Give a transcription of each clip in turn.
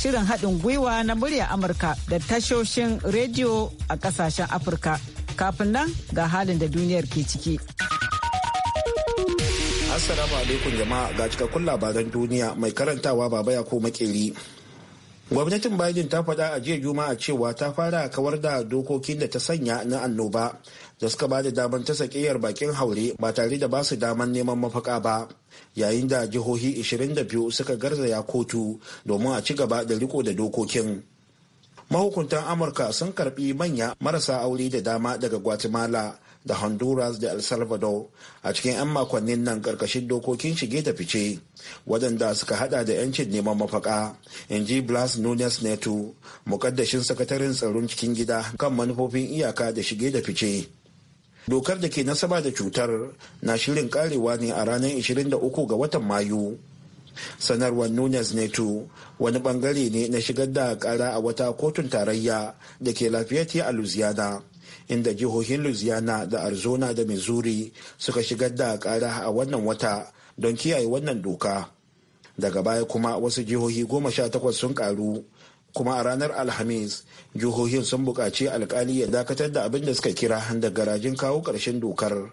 shirin haɗin gwiwa na murya Amurka da tashoshin rediyo a ƙasashen Afirka. Kafin nan ga halin da duniyar ke ciki. Assalamu alaikum jama'a ga cikakkun labaran duniya mai karantawa baba ya ko makeri. gwamnatin biden ta faɗa a jiya juma'a cewa ta fara kawar da dokokin da ta sanya na annoba da suka ba da damar ta sakiyar bakin haure ba tare da ba su daman neman mafaka ba yayin da jihohi 22 suka garzaya kotu domin a ci gaba da riko da dokokin mahukuntan amurka sun karbi manya marasa aure da dama daga guatemala da honduras da el salvador a cikin 'yan makonnin nan karkashin dokokin shige da fice waɗanda suka hada da 'yancin neman mafaka in ji blas nunes neto mukaddashin sakataren tsaron cikin gida kan manufofin iyaka da shige da fice dokar da ke nasaba da cutar na shirin karewa ne a ranar 23 ga watan mayu sanarwar nunes neto wani bangare ne na shigar da kara a wata kotun tarayya da ke lafiyati a louisiana inda jihohin louisiana da arizona da missouri suka shigar da kara a wannan wata don kiyaye wannan doka daga baya kuma wasu jihohi goma sha takwas sun karu kuma a ranar alhamis jihohin sun buƙaci alkali ya dakatar da abin da suka kira da garajin kawo ƙarshen dokar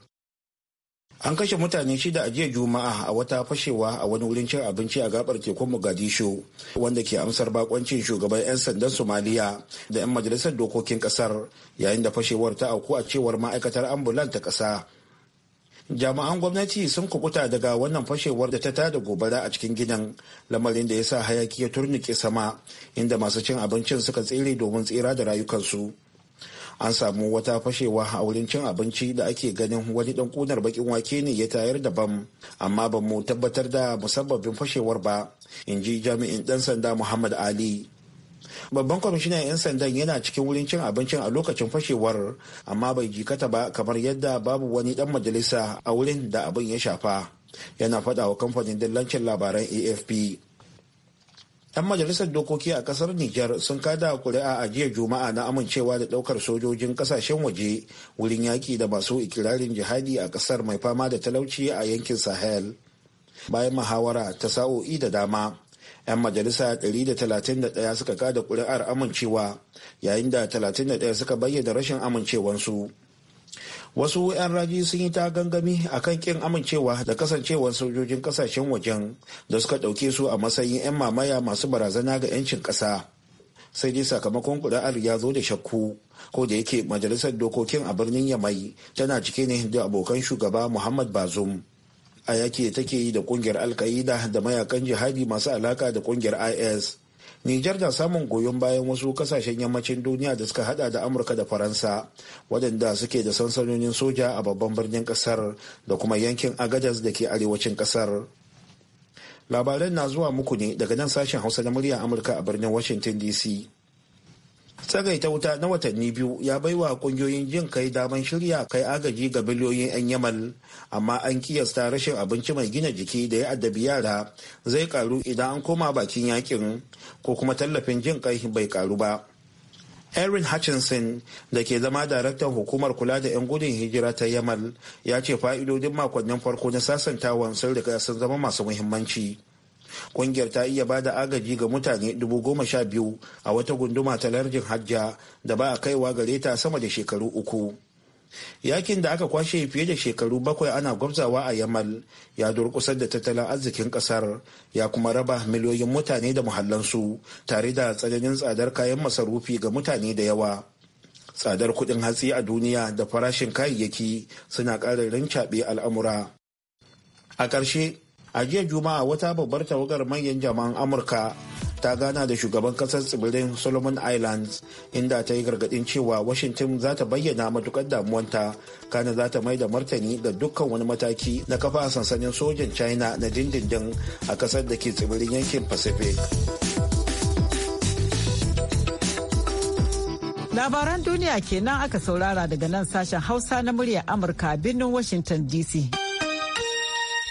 an kashe mutane shida a jiya juma'a a wata fashewa a wani wurin cin abinci a gabar tekun mogadishu wanda ke amsar bakoncin shugaban 'yan sandan somaliya da 'yan majalisar dokokin kasar yayin da fashewar ta auku a cewar ma'aikatar ambulan ta kasa jami'an gwamnati sun kukuta daga wannan fashewar da ta tada gobara a cikin gidan lamarin da ya sa hayaki ya turnike sama inda masu cin abincin suka tsere domin tsira da rayukansu an samu wata fashewa a wurin cin abinci da ake ganin wani dan kunar bakin wake ne ya tayar da bam amma ba mu tabbatar da musabbabin fashewar ba in ji jami'in dan sanda muhammad ali babban kwamishinan 'yan sandan yana cikin wurin cin abincin a lokacin fashewar amma bai jikata ba kamar yadda babu wani dan majalisa a wurin da abin ya shafa yana faɗawa wa kamfanin dillancin labaran afp 'Yan majalisar dokoki a kasar niger sun kada kuri'a a jiya Juma'a na amincewa da daukar sojojin kasashen waje wurin yaki da masu ikirarin jihadi a kasar mai fama da talauci a yankin Sahel. Bayan muhawara ta sa'o'i da dama, 'yan majalisa 131 suka kada kuri'ar amincewa yayin da 31 suka bayyana rashin amincewansu. wasu 'yan raji sun yi ta gangami a kan kin amincewa da kasancewar sojojin kasashen wajen da suka ɗauke su a matsayin 'yan mamaya masu barazana ga 'yancin ƙasa sai dai sakamakon kuri'ar ya zo da shakku ko da yake majalisar dokokin a birnin yamai tana cike ne da abokan shugaba muhammad bazum a yaki da take yi da kungiyar alka'ida da mayakan jihadi masu alaka da kungiyar is Nijar na samun goyon bayan wasu kasashen yammacin duniya da suka hada da Amurka da Faransa, waɗanda suke da sansanonin soja a babban birnin ƙasar da kuma yankin Agadas da ke arewacin ƙasar. Labaran na zuwa muku ne daga nan sashen Hausa na murya Amurka a birnin Washington DC. tsagaita wuta na watanni biyu ya baiwa kungiyoyin jin kai daman shirya kai agaji ga biliyoyin 'yan yamal amma an kiyasta rashin abinci mai gina jiki da ya addabi yara zai karu idan an koma bakin yakin ko kuma tallafin jin kai bai karu ba erin hutchinson da ke zama daraktan hukumar kula da 'yan gudun hijira ta yamal ya ce fa'idodin makonnin farko na sasantawan sun riga sun zama masu muhimmanci Kungiyar ta iya ba da agaji ga mutane dubu biyu a wata gunduma ta Larjin hajja da ba a kaiwa gare ta sama da shekaru uku. Yakin da aka kwashe fiye da shekaru bakwai ana gwabzawa a Yamal ya durkusar da tattalin arzikin kasar ya kuma raba miliyoyin mutane da muhallansu tare da tsananin tsadar kayan masarufi ga mutane da yawa. Tsadar kuɗin hatsi a duniya da farashin kayayyaki suna ƙara rincaɓe al'amura. A ƙarshe, a jiya juma'a wata babbar tawagar manyan jama'an amurka ta gana da shugaban kasar tsibirin solomon islands inda ta yi gargadin cewa washington za ta bayyana matukar damuwanta kana za ta mai da martani ga dukkan wani mataki na kafa sansanin sojan china na dindindin a kasar da ke tsibirin yankin pacific labaran duniya kenan aka saurara daga nan sashen hausa na murya amurka birnin washington dc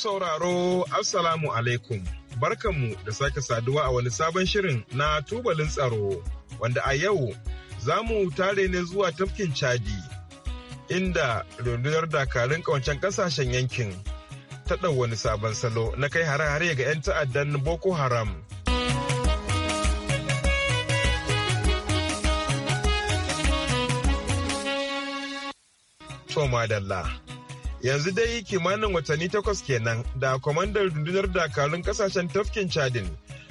sauraro Assalamu alaikum. Barkanmu da sake saduwa a wani sabon shirin na tubalin tsaro wanda a yau za mu tare ne zuwa tafkin Chadi inda rundunar dakarun kawancen kasashen yankin ta ɗau wani sabon salo na kai hare-hare ga 'yan ta'addan Boko Haram. Toma Dalla. yanzu dai kimanin watanni takwas kenan da kwamandan rundunar dakarun kasashen tafkin chadin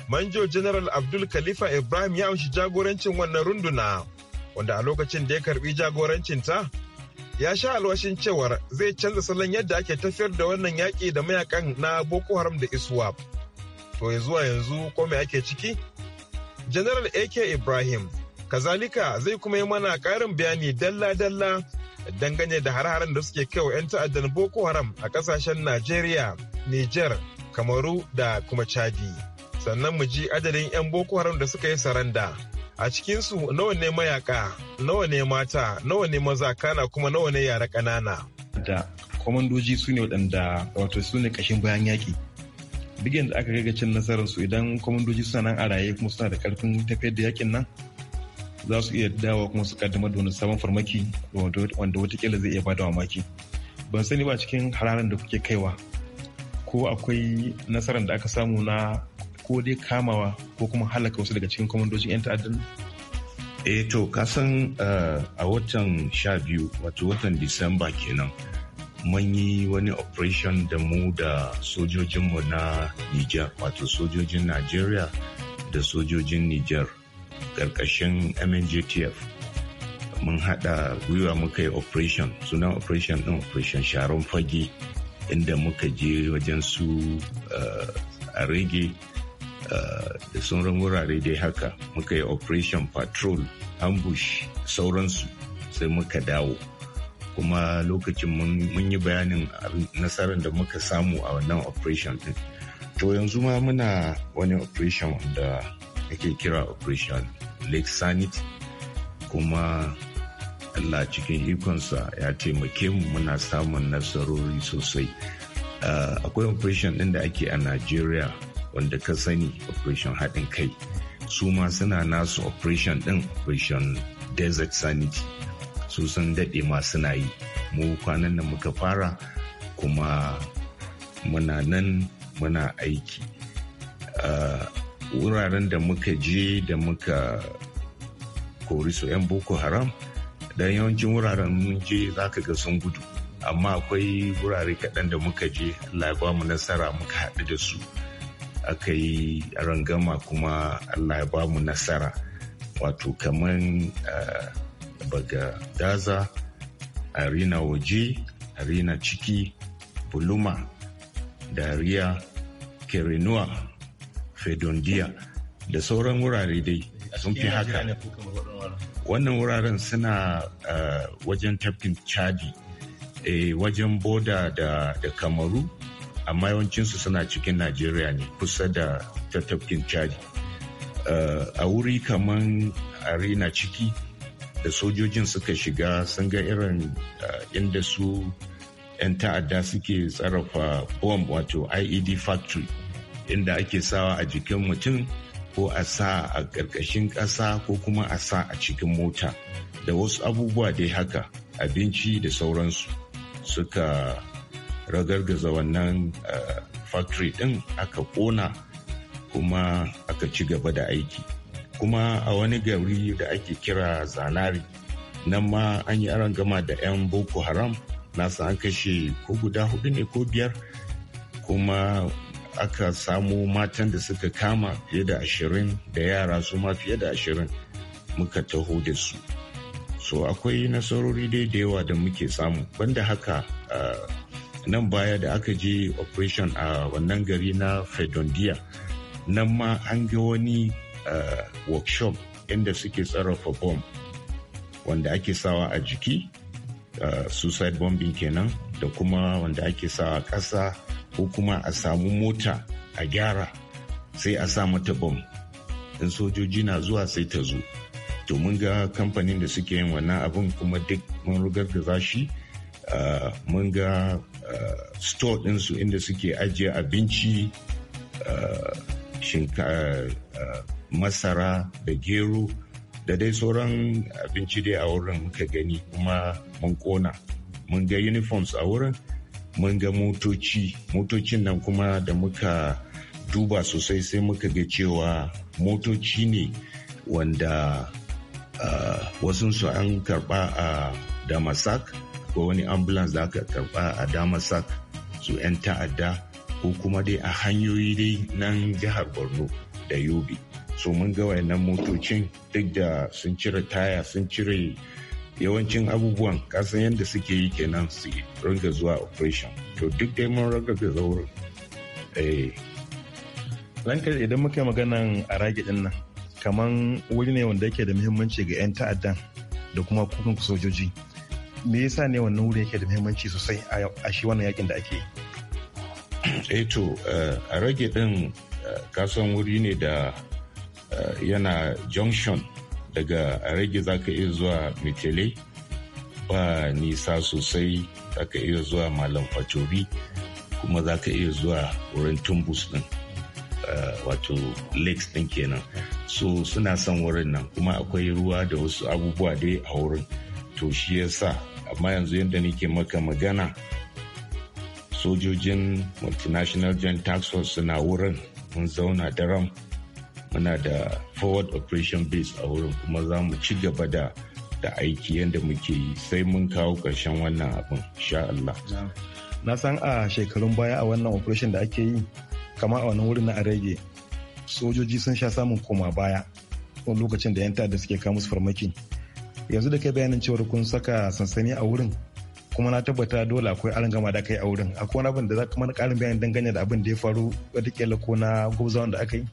manjo general abdul khalifa ibrahim ya amshi jagorancin wannan runduna wanda a lokacin da ya karbi ta ya sha alwashin cewar zai canza salon yadda ake tafiyar da wannan yaƙi da mayakan na boko haram da iswap to ya zuwa yanzu ko me ake ciki general ak ibrahim kazalika zai kuma yi mana ƙarin bayani dalla-dalla dangane da har-haren da suke kai wa 'yan ta'addan Boko Haram a kasashen Najeriya, Niger, Kamaru da kuma Chadi. Sannan mu ji adadin 'yan Boko Haram da suka yi saranda. A cikinsu nawa ne mayaka, nawa ne mata, nawa ne maza kana kuma nawa ne yara ƙanana. Da kwamandoji su ne waɗanda wato su ne ƙashin bayan yaƙi. Bigin da aka gaggacin cin nasararsu idan kwamandoji suna nan a raye kuma suna da ƙarfin tafiyar da yakin nan, za su iya dawo kuma su kaddamar da sabon farmaki wanda watakila zai iya bada mamaki ban sani ba cikin hararan da kuke kaiwa ko akwai nasarar da aka samu na ko dai kamawa ko kuma halaka wasu daga cikin kwamandocin 'yan ta'addan e to kasan eh, a watan sha biyu wato watan disamba kenan mun yi wani operation da mu da sojojinmu na niger wato sojojin nigeria da sojojin niger ƙarƙashin mngtf mun haɗa gwiwa muka yi operation sunan operation ɗin operation sharon fage inda muka je wajen su eh, a rage eh, da sauran wurare dai haka muka yi operation patrol ambush sauransu sai muka dawo kuma lokacin mun yi bayanin nasarar da muka samu a wannan operation ɗin to yanzu ma muna wani operation da ake kira operation lake sanit kuma allah cikin ikonsa ya taimake mu muna samun nasarori sosai ah, akwai operation ɗin da ake a nigeria wanda ka sani operation haɗin kai su ma suna nasu operation ɗin operation desert sanit su sun daɗe ma suna yi mu kwanan da muka fara kuma muna nan muna aiki ah, wuraren da muka je da muka kori su 'yan boko haram don yawancin wuraren mun je za ka ga sun gudu amma akwai wurare kaɗan da muka je Allah mu nasara muka haɗu da su aka yi rangama kuma Allah ya ba mu nasara wato kamar eh, baga Gaza, arena waje arena ciki buluma dariya kerenua fedondiya da sauran wurare dai sun fi haka wannan wuraren suna eh, wajen tafkin chadi eh, wajen boda da kamaru amma yawancinsu suna cikin najeriya ne kusa da ta tafkin chadi eh, a wuri kaman arena ciki da sojojin suka shiga sun ga irin inda su 'yan ta'adda suke tsarafa bomb wato ied factory inda ake sawa a jikin mutum ko a sa a ƙarƙashin ƙasa ko kuma a sa a cikin mota da wasu abubuwa dai haka abinci da sauransu suka ragargaza wannan eh, factory ɗin aka ƙona kuma aka ci gaba da aiki kuma a wani gari da ake kira zanari nan ma an yi gama da 'yan boko haram nasa an kashe ko guda hudu ne ko biyar kuma aka samo matan da suka kama fiye da ashirin da yara su ma fiye da ashirin muka taho da su so akwai nasarori dai da yawa da muke samu banda haka nan baya da aka je operation a wannan gari na Fedondia nan ma an ga wani workshop inda suke tsarafa bomb wanda ake sawa a jiki suicide bombing kenan da kuma wanda ake sawa ƙasa ko kuma a samu mota a gyara sai a sa mata bom in sojoji na zuwa sai ta zo to mun ga kamfanin da suke yin wannan abin kuma duk mun rugar da ah, mun ga ah, store ɗinsu inda suke ajiye abinci ah, masara da gero da dai sauran abinci dai a wurin muka gani kuma mun kona mun ga uniforms a wurin mun ga motoci motocin nan kuma da muka duba sosai sai muka ga cewa motoci ne wanda uh, wasunsu an karba a damasak ko wani ambulance da aka karba a damasak su 'yan ta'adda ko kuma dai a hanyoyi dai nan jihar borno da yobe so mun ga wayannan motocin duk da sun cire taya sun cire yawancin abubuwan kasan yadda suke yi kenan su ringa zuwa operation to duk dai mun rarrabe zaurin lankar eh. idan muka yi maganan a rage din nan kamar wuri ne wanda yake da muhimmanci ga 'yan ta'addan da kuma kukan sojoji me yasa ne wannan wuri yake da muhimmanci sosai a shi wannan yakin da ake yi eh to eh, a rage din eh, kasan wuri ne da yana junction daga rage za ka iya zuwa mitele ba nisa sosai za ka iya zuwa malam facobi kuma za ka iya zuwa wurin tumbus din eh, wato lakes din kenan so suna son wurin nan kuma akwai ruwa da wasu abubuwa dai a wurin to shi ya sa amma yanzu yadda nake maka magana sojojin multinational joint tax force suna wurin mun zauna daram muna da forward operation base a wurin kuma za mu ci gaba da da aiki yadda muke yi sai mun kawo ƙarshen wannan abin sha Allah. Na san a shekarun baya a wannan operation da ake yi kama a wannan wurin na rage sojoji sun sha samun koma baya a lokacin da 'yan da suke kamus farmaki. Yanzu da kai bayanin cewar kun saka sansani a wurin kuma na tabbata dole akwai arin gama da kai a wurin akwai wani abin da za ka mana karin bayani dangane da abin da ya faru wata ko na gwabzawan da aka yi.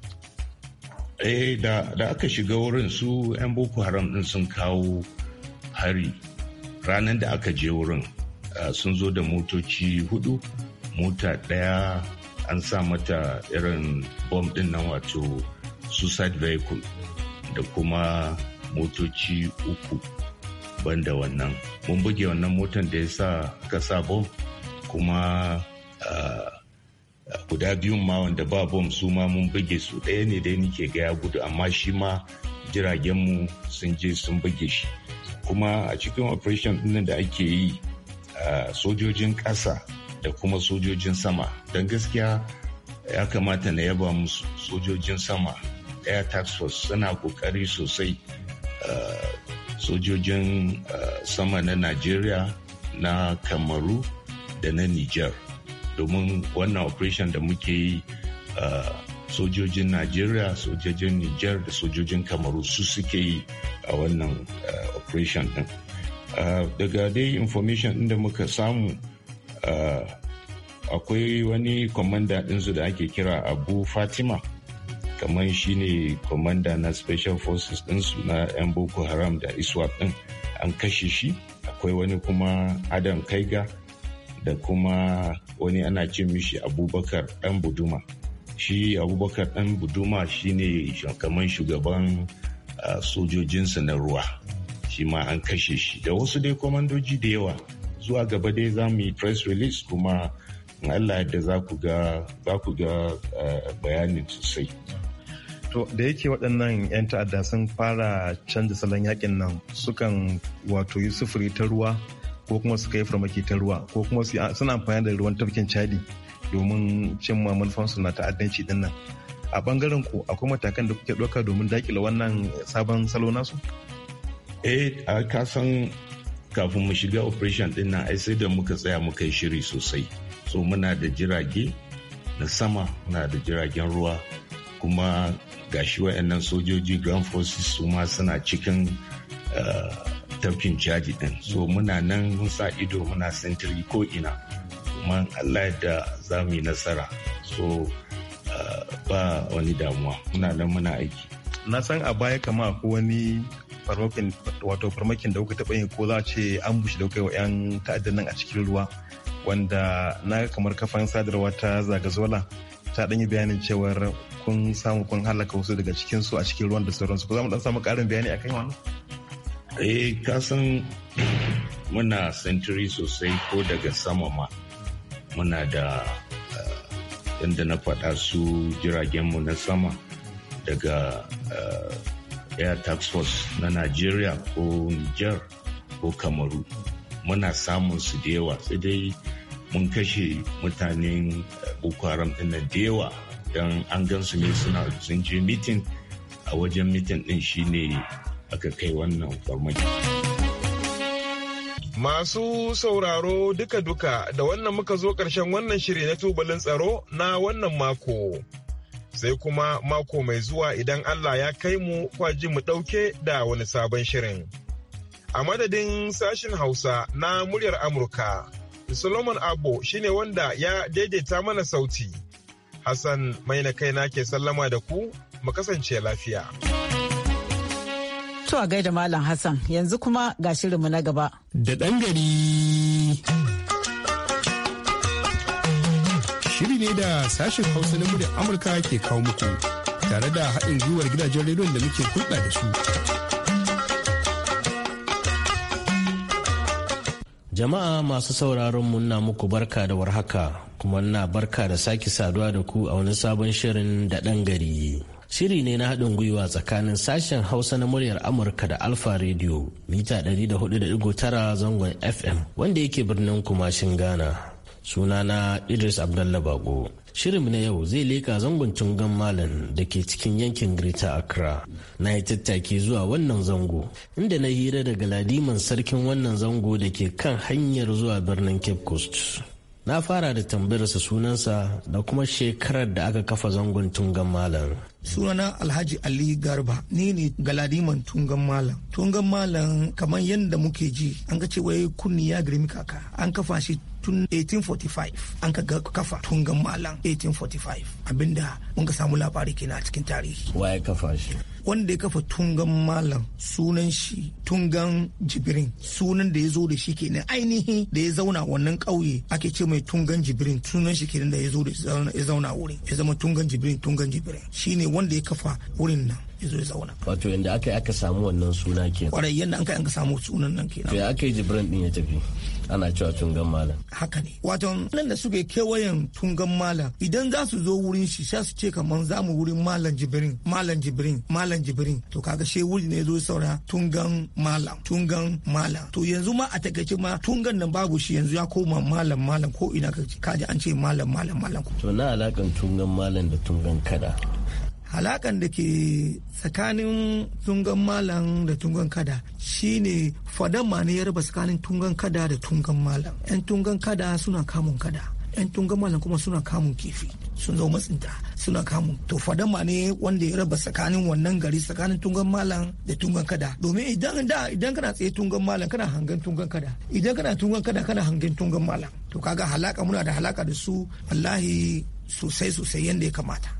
eh da aka shiga wurin su 'yan boko haram din sun kawo hari ranar da aka je wurin sun zo da motoci hudu mota daya an sa mata irin bom din nan wato suicide vehicle da kuma motoci uku banda wannan mun buge wannan motan da ya sa aka sa bom kuma uh, guda biyun ma wanda ba bom su ma mun buge su ɗaya ne dai nike ga ya gudu amma shi ma jiragenmu sun je sun buge shi kuma a cikin operation ɗin da ake yi sojojin ƙasa da kuma sojojin sama don gaskiya ya kamata na yaba musu sojojin sama air tax force suna kokari sosai sojojin sama na nigeria na kamaru da na niger domin wannan operation da muke yi sojojin najeriya sojojin niger da sojojin kamaru su suke yi a wannan operation din daga dai information din da muka samu akwai wani kwamanda ɗinsu da ake kira abu fatima kamar shi ne commander na special forces ɗinsu na 'yan boko haram da iswap din an kashe shi akwai wani kuma adam kaiga da kuma wani ana ce mishi abubakar dan buduma shi abubakar dan buduma shine kamar shugaban sojojinsa na ruwa shi ma an kashe shi da wasu dai kwamandoji da yawa zuwa gaba dai za mu yi press release kuma Allah da za ku ga bayanin sosai. To da yake waɗannan 'yan ta'adda sun fara canza salon yakin nan sukan wato yi sufuri ta ruwa ko kuma su kai farmaki ta ruwa ko kuma suna amfani da ruwan tafkin chadi domin cimma manufansu na ta'addanci din nan a bangaren ku akwai matakan da kuke ɗauka domin dakila wannan sabon salo nasu eh ka san kafin mu shiga operation din nan ai sai da muka tsaya muka yi shiri sosai so muna da jirage na sama muna da jiragen ruwa kuma gashi wa'annan sojoji ground forces su ma suna cikin eh, tafkin caji din so muna nan mun sa ido muna sintiri ko ina kuma allah da za mu yi nasara so ah, ba wani damuwa muna nan muna aiki na san a baya kama ko wani farmakin wato farmakin da kuka taɓa yi ko za ce an bushe da kai wa 'yan ta'addan nan a cikin ruwa wanda na kamar kafan sadarwa ta zagazola ta dan yi bayanin cewar kun samu kun halaka wasu daga cikinsu a cikin ruwan da sauransu ko za mu ɗan samu karin bayani akan wannan eh kasan muna sentiri sosai ko daga sama ma muna da eh, yadda na faɗa su jiragenmu na sama daga eh, air tax force na nigeria ko niger ko kamaru muna samun su da yawa sai dai mun kashe mutanen eh, boko na da yawa don an gan su ne suna sun je mitin a wajen mitin din shine aka kai wannan farmaki. Masu sauraro duka-duka da wannan muka zo ƙarshen wannan shiri na tubalin tsaro na wannan mako. Sai kuma mako mai zuwa idan Allah ya kai mu kwaji mu ɗauke da wani sabon shirin. A madadin sashin Hausa na muryar Amurka, Solomon Abbo shine wanda ya daidaita mana sauti. Hassan mai na kaina ke sallama da ku, mu kasance lafiya. To a gaida Malam Hassan yanzu kuma ga shirinmu na gaba. Da ɗan gari. Shiri ne da sashen Hausa na muryar Amurka ke kawo muku tare da haɗin gwiwar gidajen rediyon da muke hulɗa da su. Jama'a masu sauraron muna muku barka da warhaka kuma na barka da sake saduwa da ku a wani sabon shirin da ɗan gari. Shiri ne na haɗin gwiwa tsakanin sashen Hausa na muryar Amurka da Alfa Radio mita 104.9 zangon FM wanda yake birnin Kumashin Ghana. Sunana Idris abdullahi bago Shirin na yau zai leka zangon tungan malam da ke cikin yankin Greater Accra. Na yi tattaki zuwa wannan zango, inda na hira daga ladiman sarkin wannan zango da ke kan hanyar zuwa birnin Cape Coast. Na fara da tambayarsa sunansa da kuma shekarar da aka kafa zangon tungan malam. sunana alhaji ali garba ni ne galadiman tungan malam tungan malam kamar yadda muke ji an ga cewa kunni ya girmi kaka an kafa shi tun 1845 an ka kafa tungan malam 1845 abinda mun ka samu labari kenan a cikin tarihi waye kafa shi wanda ya kafa tungan malam sunan shi tungan Jibirin sunan da ya zo da shi kenan ainihi da ya zauna wannan kauye ake ce mai tungan Jibirin sunan shi kenan da ya zo da ya zauna wurin ya zama tungan Jibirin tungan shi shine wanda ya kafa wurin nan ya zo ya zauna. Wato yadda aka yi aka samu wannan suna ke. Kwarai yadda an kai samu sunan nan ke. To ya aka yi din ya tafi. ana cewa tungan malam haka ne wato nan da suke kewayen tungan malam idan za su zo wurin shi sai su ce kamar za mu wurin malam jibrin malam jibrin malam jibrin to kaga she wuri ne zo saura tungan malam tungan malam to yanzu ma a takaice ma tungan nan babu shi yanzu ya koma malam malam ko ina ka ji an ce malam malam malam to na alakan tungan malam da tungan kada halakan da ke tsakanin tungan malam da tungan kada shine fadan ma ne ya raba tsakanin tungan kada da tungan malam yan tungan kada suna kamun kada yan tungan malam kuma suna kamun kifi sun zo matsinta suna kamun to fadan ma ne wanda ya raba tsakanin wannan gari tsakanin tungan malam da tungan kada domin idan da idan kana tsaye tungan malam kana hangen tungan kada idan kana tungan kada kana hangen tungan malam to kaga halaka muna da halaka da su wallahi sosai sosai yanda ya kamata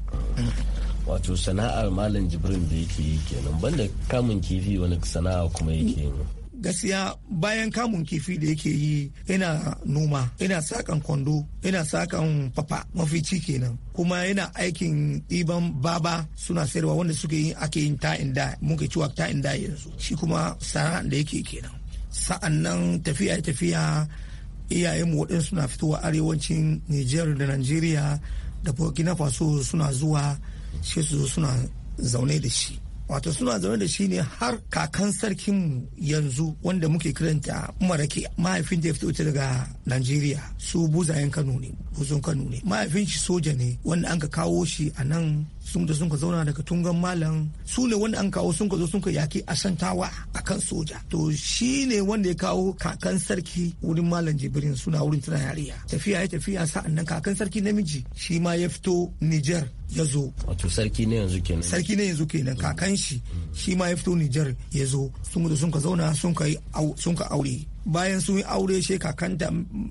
wato sana'ar malam jibrin da yake yi kenan banda kamun kifi wani sana'a kuma yake yi gaskiya bayan kamun kifi da yake yi yana noma yana sakan kwando yana sakan papa mafici kenan kuma yana aikin iban baba suna sayarwa wanda suke yin ake yin ta'in da muke ciwa ta'in da yanzu shi kuma sana'a da yake kenan sa'an nan tafiya tafiya iyayenmu waɗansu na fitowa arewacin Nijeriya, da nigeria da burkina faso suna zuwa shi su zo suna zaune da shi wato suna zaune da shi ne har kakan sarkinmu yanzu wanda muke kiranta marake mahaifin da ya fito daga najeriya su buzayen kano ne buzon kano ne mahaifin shi soja ne wanda an ka kawo shi a nan sun da sun ka zauna daga tungan malam su ne wanda an kawo sun ka zo sun ka yaki ashantawa a kan soja to shi ne wanda ya kawo kakan sarki wurin malam jibrin suna wurin tana yariya tafiya ya tafiya sa'an nan kakan sarki namiji shi ma ya fito niger ya zo wato sarki ne yanzu kenan sarki ne yanzu kenan kakan shi mm. shi ma ya fito niger ya zo sun ka zauna sun ka aure bayan sun yi aure she kakan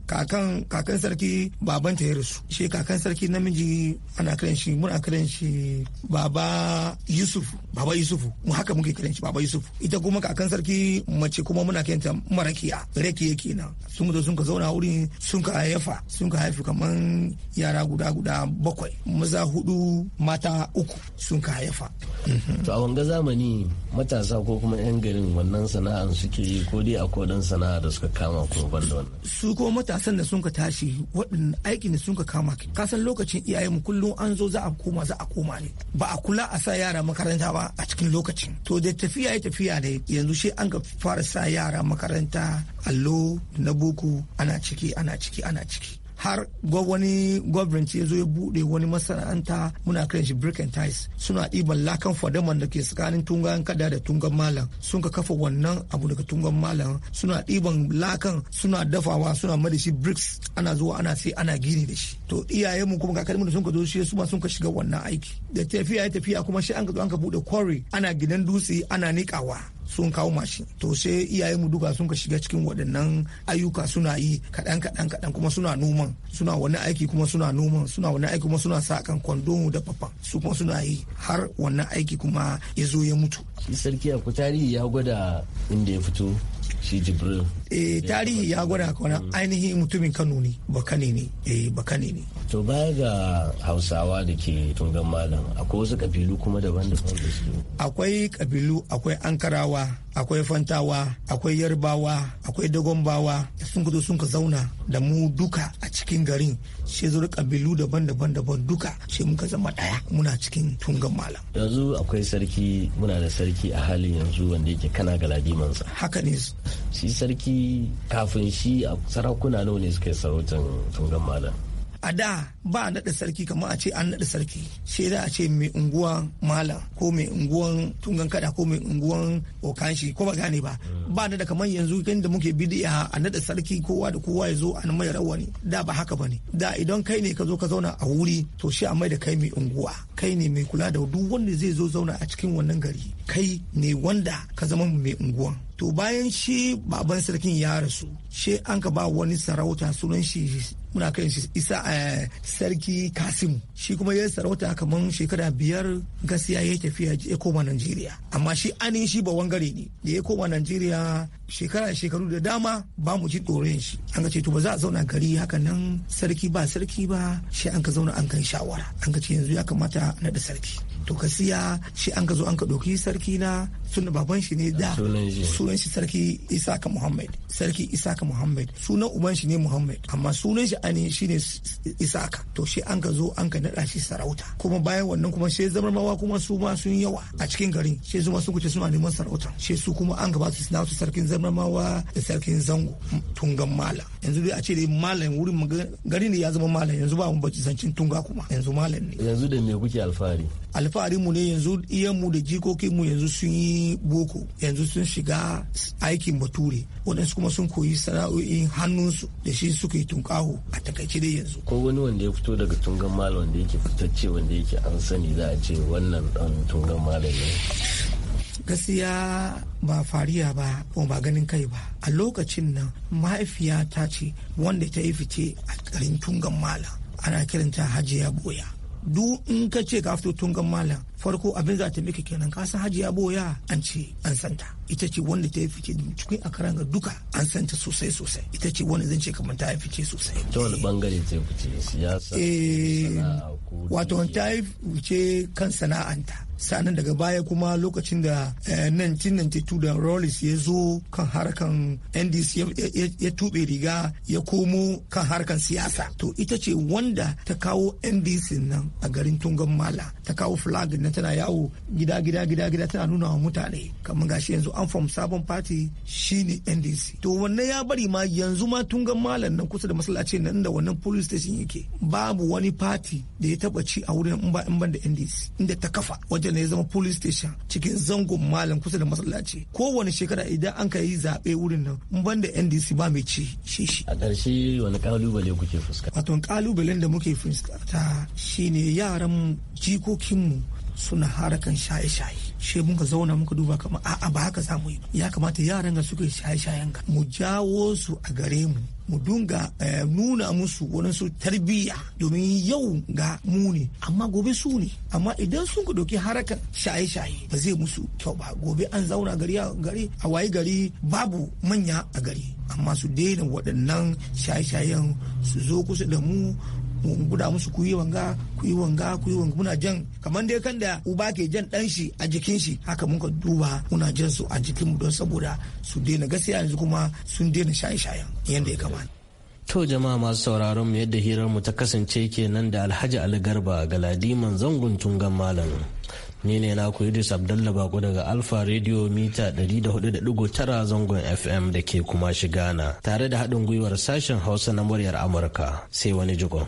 kakan sarki babanta ya rasu she kakan sarki namiji ana kiran shi muna kiran shi baba yusuf baba yusuf mu haka muke kiran shi baba yusuf ita kuma kakan sarki mace kuma muna ta marakiya rakiya kenan sun zo sun ka zauna wuri sun ka haifa sun ka haifi kaman yara guda guda bakwai maza hudu mata uku sun ka haifa mhm. to a wanga zamani matasa ko kuma yan garin wannan sana'an suke yi ko dai a dan sana'a da suka kama kuma ban da wannan su ko matasan da sun ka tashi waɗanda aikin da sun ka kama ka san lokacin mu kullum an zo za a koma za a koma ne ba a kula a sa yara makaranta ba a cikin lokacin to da tafiya ya tafiya ne yanzu shi an ka fara sa yara makaranta allo na boko ana ciki ana ciki ana ciki har wani gwamnati ya zo ya bude wani masana'anta muna kiran shi brick and ties suna ɗiban lakan fadaman da ke tsakanin tungan kada da tungan malam sun ka kafa wannan abu daga tungan malam suna ɗiban lakan suna dafawa suna mada shi bricks ana zuwa ana sai ana gini da shi to iyayen mu kuma kakarmu da sun ka zo shi su ma sun ka shiga wannan aiki da tafiya ya tafiya kuma shi an ka zo an ka bude quarry ana gidan dutse ana niƙawa sun kawo mashin to sai iyayen mu duka sun ka shiga cikin waɗannan ayyuka suna yi kaɗan kaɗan kaɗan kuma suna noma noman suna wani aiki kuma suna noman suna wani aiki kuma suna sa kan kwando da papa su kuma suna yi har wannan aiki kuma ya zo ya mutu. sarki a tarihi ya gwada inda ya fito shi jibril eh tarihi ya gwada kwana mm. ainihin mutumin Kano ne bakane ne eh bakane ne to baya ga Hausawa da ke tungan malam akwai wasu kabilu kuma daban-daban da su akwai kabilu akwai Ankarawa akwai Fantawa akwai Yarbawa akwai Dagombawa sun kudu sun ka zauna da mu duka a cikin garin sai zuru kabilu daban-daban daban duka sai muka zama daya muna cikin tungan malam yanzu akwai sarki muna da sarki a halin yanzu wanda yake kana galadimansa haka ne shi sarki kafin shi a sarakuna nawa ne suka yi sarautan tungan malam a da ba a naɗa sarki kamar a ce an naɗa sarki sai za a ce mai unguwan malam ko mai unguwan tungan kada ko mai unguwan okanshi ko ba gane ba ba da kamar yanzu kan da muke bidiya a naɗa sarki kowa da kowa ya zo a mai rawani da ba haka bane da idan kai ne ka zo ka zauna a wuri to shi a mai da kai mai unguwa kai ne mai kula da duk wanda zai zo zauna a cikin wannan gari kai ne wanda ka zama mai unguwan to bayan shi baban sarkin ya rasu shi an ka ba wani sarauta sunan shi muna kai shi isa eh, sarki kasim shi kuma ya sarauta kamar shekara biyar gaskiya ya tafiya ya koma najeriya amma shi anin shi ba wangare ne da ya koma najeriya shekara da shekaru da dama ba mu ji ɗorin shi an ka ce to ba za a zauna gari haka nan sarki ba sarki ba shi an ka zauna an kai shawara an ka ce yanzu ya kamata na sarki to ka siya shi an ka zo an ka ɗauki sarki na Sunan baban shi ne da sunan shi sarki isaka muhammad sarki isaka muhammad sunan uban shi ne muhammad amma sunan shi ani shi ne isaka to shi an ka zo an ka naɗa shi sarauta kuma bayan wannan kuma shi zamar mawa kuma su ma sun yawa a cikin garin shi zuma sun kuce suna neman sarauta shi su kuma an ka ba su sarkin zamarmawa da sarkin zango tungan mala yanzu dai a ce dai malam wurin gari ne ya zama malam yanzu ba mu baci zancin tunga kuma yanzu malam ne yanzu da me kuke alfahari alfahari mu ne yanzu mu da jikokin mu yanzu sun yi boko yanzu sun shiga aikin bature waɗansu kuma sun koyi sana'o'in hannunsu da shi suka yi tunkaho a takaice dai yanzu ko wani wanda ya fito daga tungan malam wanda yake fitacce wanda yake an sani za a ce wannan tungan malam ne gaskiya ba fariya ba ko ba ganin kai ba a lokacin nan mahaifiya ta ce wanda ta yi fice a garin tungan malam ana kiranta hajiya boya duk in ka ce ka fito tungan malam farko abin za ta miki kenan ka san hajiya boya an ce an santa ita ce wanda ta yi fice cikin akara ga duka an santa sosai sosai ita ce wanda zan ce kamar ta yi fice sosai ta wani bangare ta fice siyasa eh, wato ta yi fice kan sana'anta sanan daga baya kuma lokacin da 1992 eh, da Rawlings ya zo kan harkan NDC ya tube riga ya komo kan harkan siyasa to ita ce wanda ta kawo NDC nan a garin Tungan Mala ta kawo flag nan tana yawo gida gida gida gida tana nuna wa mutane kamar gashi yanzu an fam sabon party shine NDC to wannan ya bari ma yanzu ma tun ga malam nan kusa da masallacin nan da wannan police station yake babu wani party da ya taba ci a wurin in ba in ban da NDC inda ta kafa wajen ne ya zama police station cikin zangon malam kusa da masallaci kowane shekara idan an ka yi zaɓe wurin nan in ban da NDC ba mai ci shi shi a ƙarshe wani kalubale kuke fuskanta wato kalubalen da muke fuskanta shine yaran jikokinmu suna harakan shaye-shaye she ka zauna muka duba kamar a'a ba haka zamu yi ya kamata yaran ga suka shaye-shayen ka mu jawo su a gare mu mu dunga eh, nuna musu wani su tarbiyya domin yau ga mu ne amma gobe su ne amma idan sun ku doki harakan shaye-shaye ba zai musu kyau ba gobe an zauna gari a gari a waye gari babu manya a gari amma su daina waɗannan shaye-shayen su zo kusa da mu mu guda musu ku yi wanga ku yi wanga ku yi wanga muna jan kamar dai kan da uba ke jan dan shi a jikin shi haka muka duba muna jan su a jikin mu don saboda su daina gaskiya yanzu kuma sun daina shaye-shayen yanda ya kamata To jama'a masu sauraron mu yadda hirar mu ta kasance kenan da Alhaji Ali Garba ladiman zangon tungan malam. ne ne na Idris Abdalla Bako daga Alfa Radio mita 104.9 zangon FM da ke kuma shigana tare da haɗin gwiwar sashen Hausa na muryar Amurka sai wani jigon.